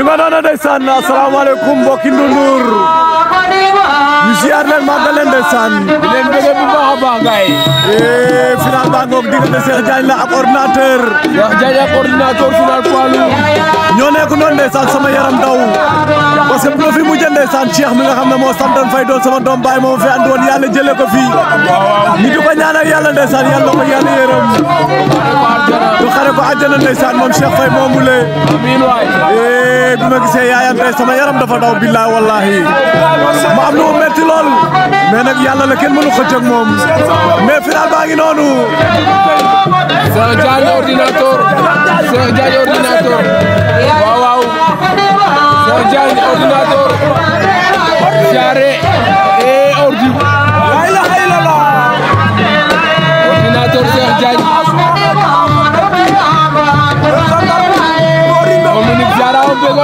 li ma doon ndeysaan asalaamaaleykum mbokki Ndoundour ñu ziar di bu baax eh final baa ngoog diggante Cheikh Diagne la ak ordinateur Cheikh ak ordinateur final palu lourd nekk noonu ndeysaan sama yaram daw parce que profil mu Cheikh mi nga sama doom mau moom fi andi woon yàlla jëlee ko ñu di ñaanal àjjana ndeysaan moom Cheikh Faye moom mu lee eh bi ma gisee yaayam tey sama yaram dafa daw billaay wallahi ma am lu ma lool mais nag yàlla la kenn mënu xëcc ak moom mais final baa ngi noonu Cheikh Ndiaye ordinateur Cheikh Ndiaye ordinateur waaw waaw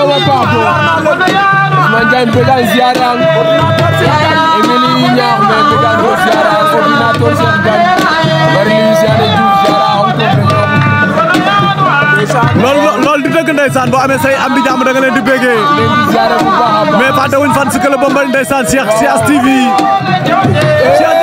wa Papo Ousmane Diagne Mbégane ziar an Émilie Niakh me Mbégane o ziar an coordinateur Cheikh Diagne Marie Luciane Diouf ziar an loolu loolu du dëgg ndeysaan boo amee say am di jàmm di bégee mais fàtte wuñ fan si club ba ndeysaan Cheikh oh. Cheikh TV